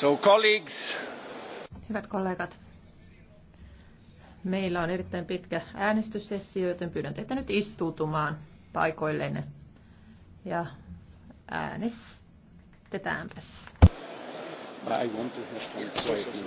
So colleagues. Hyvät kollegat, meillä on erittäin pitkä äänestyssessio, joten pyydän teitä nyt istuutumaan paikoillenne. Ja äänestetäänpäs. I want to have some